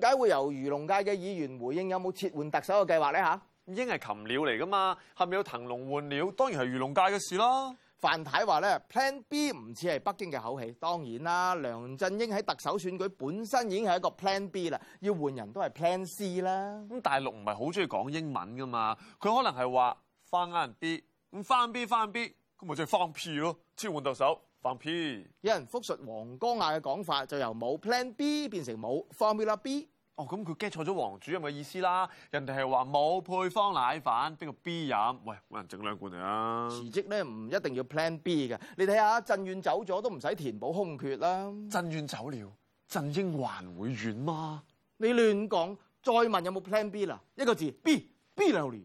點解會由魚農界嘅議員回應有冇撤換特首嘅計劃咧？吓，英係禽鳥嚟噶嘛，係咪要騰籠換鳥？當然係魚農界嘅事啦。范太話咧，Plan B 唔似係北京嘅口氣。當然啦，梁振英喺特首選舉本身已經係一個 Plan B 啦，要換人都係 Plan C 啦。咁大陸唔係好中意講英文噶嘛？佢可能係話翻硬啲，咁翻 B 翻 B，咁咪就係翻 P 咯，撤換特首。放屁！有人複述王光亞嘅講法，就由冇 Plan B 變成冇 Formula B。哦，咁佢 get 錯咗王主任嘅意思啦。人哋係話冇配方奶粉，邊個 B 飲？喂，揾人整兩罐嚟啦，啊。辭職咧唔一定要 Plan B 嘅。你睇下，震遠走咗都唔使填補空缺啦。震遠走了，振英還會遠嗎？你亂講！再問有冇 Plan B 啦？一個字 B，B 嚟年。B, B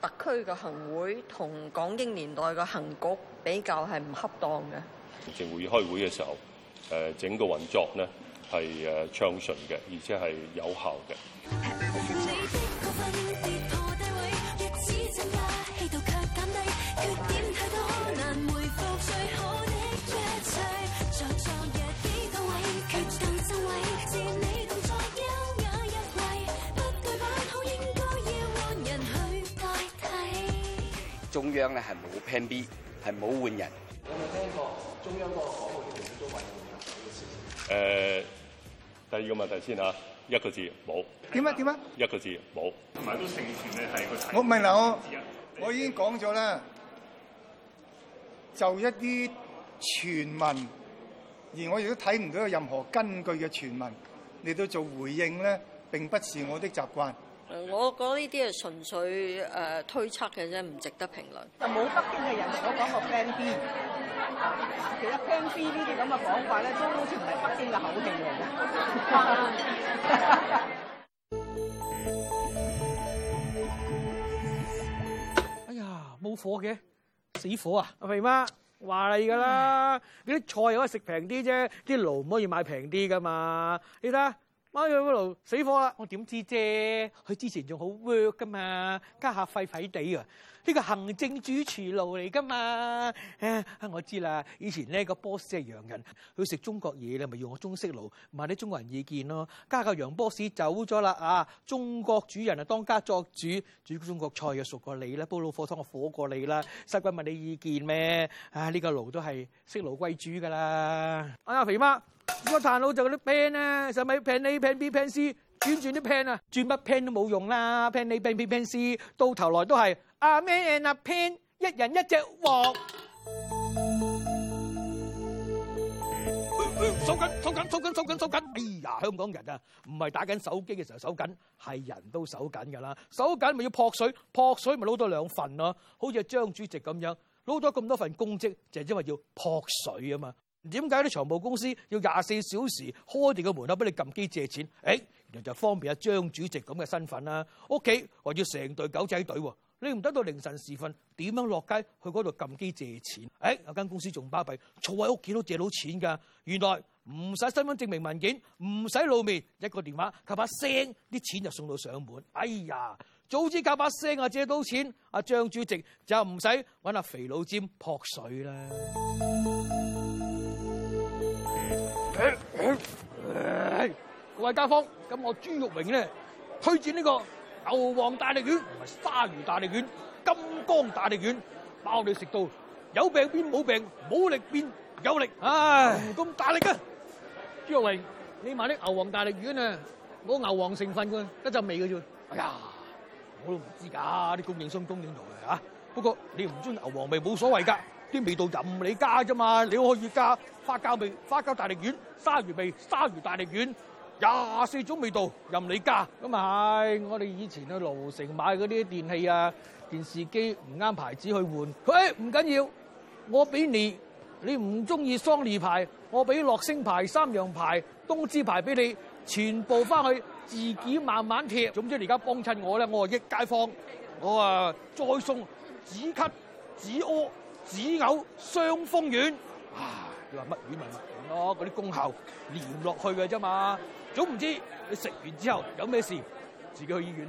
特區嘅行會同港英年代嘅行局比較係唔恰當嘅。行政會議開會嘅時候，誒整個運作咧係誒暢順嘅，而且係有效嘅。 中央咧係冇 plan B，係冇換人。有冇聽過中央個黨務會都換人誒？第二個問題先嚇，一個字冇。點啊點啊？么一個字冇。同埋都成全你係我明啦。我我已經講咗啦。就一啲傳聞，而我亦都睇唔到有任何根據嘅傳聞，你都做回應咧，並不是我的習慣。我講呢啲係純粹誒推測嘅啫，唔值得評論。就冇北京嘅人所講個 Plan B，其實 Plan B 呢啲咁嘅講法咧，都好似唔係北京嘅口音嚟嘅。 哎呀，冇火嘅，死火啊！阿肥媽話你㗎啦，你啲唉菜可以食平啲啫，啲爐唔可以買平啲㗎嘛？你睇。媽呀個爐死火啦！我點知啫？佢之前仲好 work 噶嘛？家下廢廢地啊！呢個行政主廚爐嚟噶嘛？我知啦！以前呢個 boss 係洋人，佢食中國嘢咧，咪用我中式爐問啲中國人意見咯。家下個洋 boss 走咗啦啊！中國主人啊當家作主，煮中國菜又熟過你啦，煲老火湯我火過你啦，使鬼問你意見咩？唉、啊，呢、這個爐都係識爐歸主噶啦。阿、哎、肥媽。個彈佬就嗰啲 pen 啊，就咪 pen A, a、pen B、pen C，轉、啊、轉啲 pen 啊，轉乜 pen 都冇用啦。pen A、pen B、pen C，到頭來都係 man 啊 pen，一人一隻鑊。手緊手緊手緊手緊手緊，哎呀！So、香港人啊，唔係打緊手機嘅時候手緊，係人都手緊㗎啦。手緊咪要撲水，撲水咪撈多兩份咯。好似張主席咁樣，撈咗咁多份公職，就係因為要撲水啊嘛。點解啲財務公司要廿四小時開住個門口俾你撳機借錢？誒、哎，原來就方便阿張主席咁嘅身份啦、啊。屋企或要成隊狗仔隊，你唔等到凌晨時分，點樣落街去嗰度撳機借錢？誒、哎，有間公司仲巴閉，坐喺屋企都借到錢噶。原來唔使身份證明文件，唔使露面，一個電話，及把聲，啲錢就送到上門。哎呀，早知搞把聲就借到錢，阿張主席就唔使搵阿肥佬尖撲水啦。哎、各位街坊，咁我朱玉榮咧推薦呢個牛黃大力丸，唔係鯊魚大力丸，金剛大力丸，包你食到有病變冇病，冇力變有力，唉、哎，咁大力嘅、啊。朱玉榮，你買啲牛黃大力丸啊，冇牛黃成分嘅，一陣味嘅啫。哎呀，我都唔知噶、啊，啲供應商供應到嚟啊。不過你唔中意牛黃味冇所謂噶。啲味道任你加啫嘛，你可以加花膠味、花膠大力丸、鯊魚味、鯊魚大力丸，廿四種味道任你加。咁啊、嗯哎、我哋以前去羅湖城買嗰啲電器啊、電視機唔啱牌子去換，佢唔緊要，我俾你，你唔中意桑尼牌，我俾樂星牌、三洋牌、東芝牌俾你，全部翻去自己慢慢貼。總之而家幫襯我咧，我話益街坊，我啊再送止咳止屙。止嘔、傷風丸啊！你話乜丸咪乜丸咯，啲功效連落去嘅啫嘛，總唔知你食完之後有咩事，自己去醫院。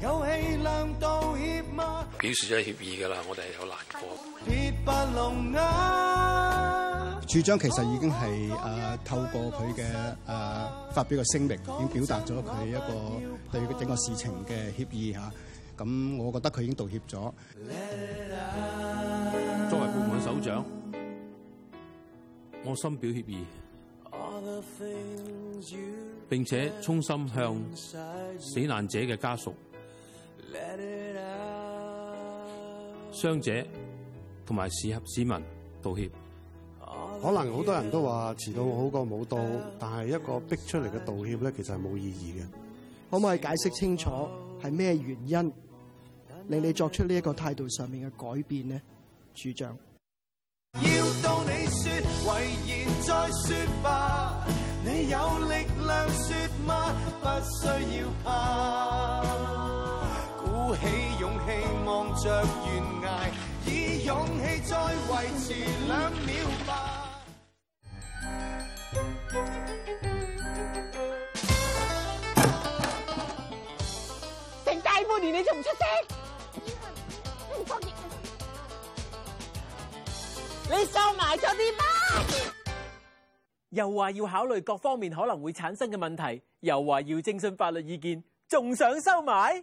有氣量道歉嗎？表示咗歉意噶啦，我哋係有難過的。處長的其實已經係誒透過佢嘅，誒發表嘅聲明，已經表達咗佢一個對整個事情嘅歉意吓。咁我覺得佢已經道歉咗。作為部門首長，我深表歉意，並且衷心向死難者嘅家屬。傷者同埋市合市民道歉，可能好多人都話遲到好過冇到，但係一個逼出嚟嘅道歉咧，其實係冇意義嘅。可唔可以解釋清楚係咩原因令你作出呢一個態度上面嘅改變呢？處長。要到你成大半年你仲唔出聲，你收埋咗啲乜？又話要考慮各方面可能會產生嘅問題，又話要徵詢法律意見，仲想收埋？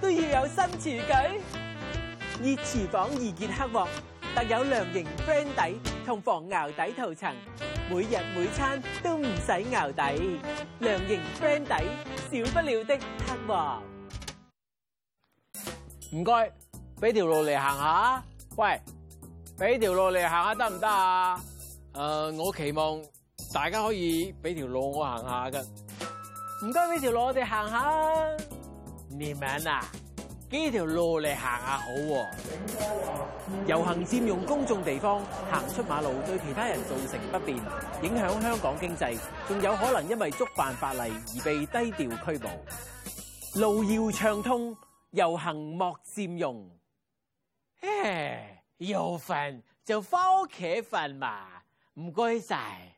都要有新廚具，以廚而廚房易潔黑鑊，特有亮型 friend 底同防熬底塗層，每日每餐都唔使熬底，亮型 friend 底少不了的黑鑊。唔該，俾條路嚟行下。喂，俾條路嚟行下得唔得啊？誒、呃，我期望大家可以俾條路我行下噶。唔該，俾條路我哋行下。點名啊！呢條路嚟、啊啊、行下好，遊行佔用公眾地方，行出馬路對其他人造成不便，影響香港經濟，仲有可能因為觸犯法例而被低調拘捕。路要暢通，遊行莫佔用。嘿，嘿，有份就翻屋企瞓嘛，唔該晒。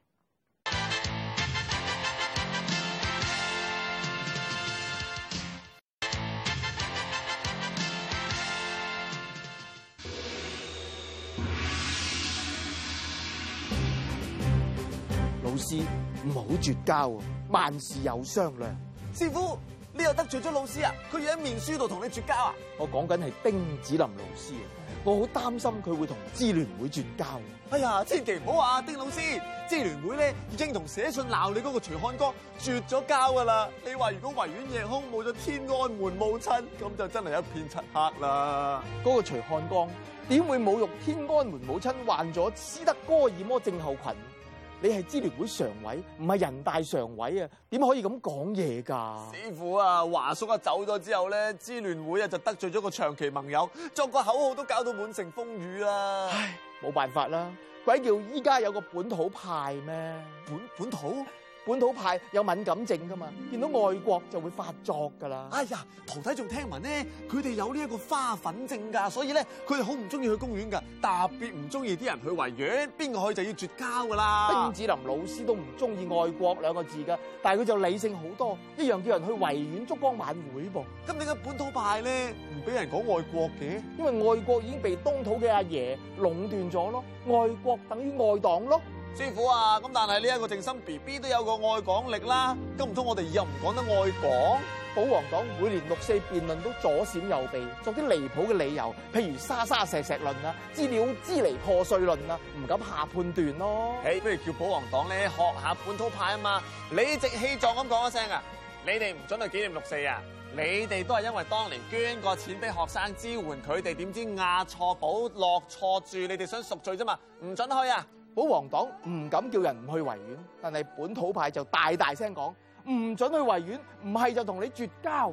師唔好絕交，啊，萬事有商量。師傅，你又得罪咗老師啊？佢要喺面書度同你絕交啊？我講緊係丁子霖老師啊！我好擔心佢會同支聯會絕交，啊。哎呀，千祈唔好啊，丁老師，支聯會咧已經同寫信鬧你嗰個徐漢江絕咗交噶啦。你話如果維園夜空冇咗天安門母親，咁就真係一片漆黑啦。嗰個徐漢江點會侮辱天安門母親？患咗斯德哥爾摩症候群？你係支聯會常委，唔係人大常委啊？點可以咁講嘢㗎？師傅啊，華叔啊走咗之後咧，支聯會啊就得罪咗個長期盟友，作個口號都搞到滿城風雨啦、啊。唉，冇辦法啦，鬼叫依家有個本土派咩？本本土。本土派有敏感症㗎嘛，見到愛國就會發作㗎啦。哎呀，徒弟仲聽聞咧，佢哋有呢一個花粉症㗎，所以咧佢哋好唔中意去公園㗎，特別唔中意啲人去維園，邊個去就要絕交㗎啦。丁子霖老師都唔中意愛國兩個字㗎，但係佢就理性好多，一樣叫人去維園燭光晚會噃。咁你嘅本土派咧唔俾人講愛國嘅，因為外國已經被東土嘅阿爺壟斷咗咯，愛國等於外黨咯。師傅啊，咁但係呢一個正心 B B 都有個愛港力啦。咁唔通我哋又唔講得愛港？保皇黨每年六四辯論都左閃右避，作啲離譜嘅理由，譬如沙沙石石論啊，資料支離破碎論啊，唔敢下判斷咯。Hey, 不如叫保皇黨咧？學下本土派啊嘛，理直氣壯咁講一聲啊！你哋唔准去紀念六四啊！你哋都係因為當年捐過錢俾學生支援佢哋，點知押錯寶落錯注，你哋想贖罪啫嘛？唔准去啊！保皇黨唔敢叫人唔去維園，但係本土派就大大聲講，唔准去維園，唔係就同你絕交。